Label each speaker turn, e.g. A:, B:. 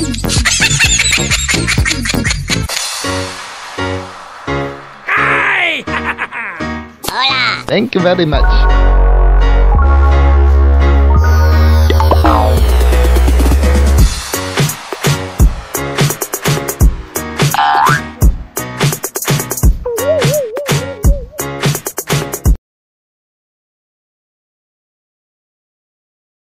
A: Thank you very much.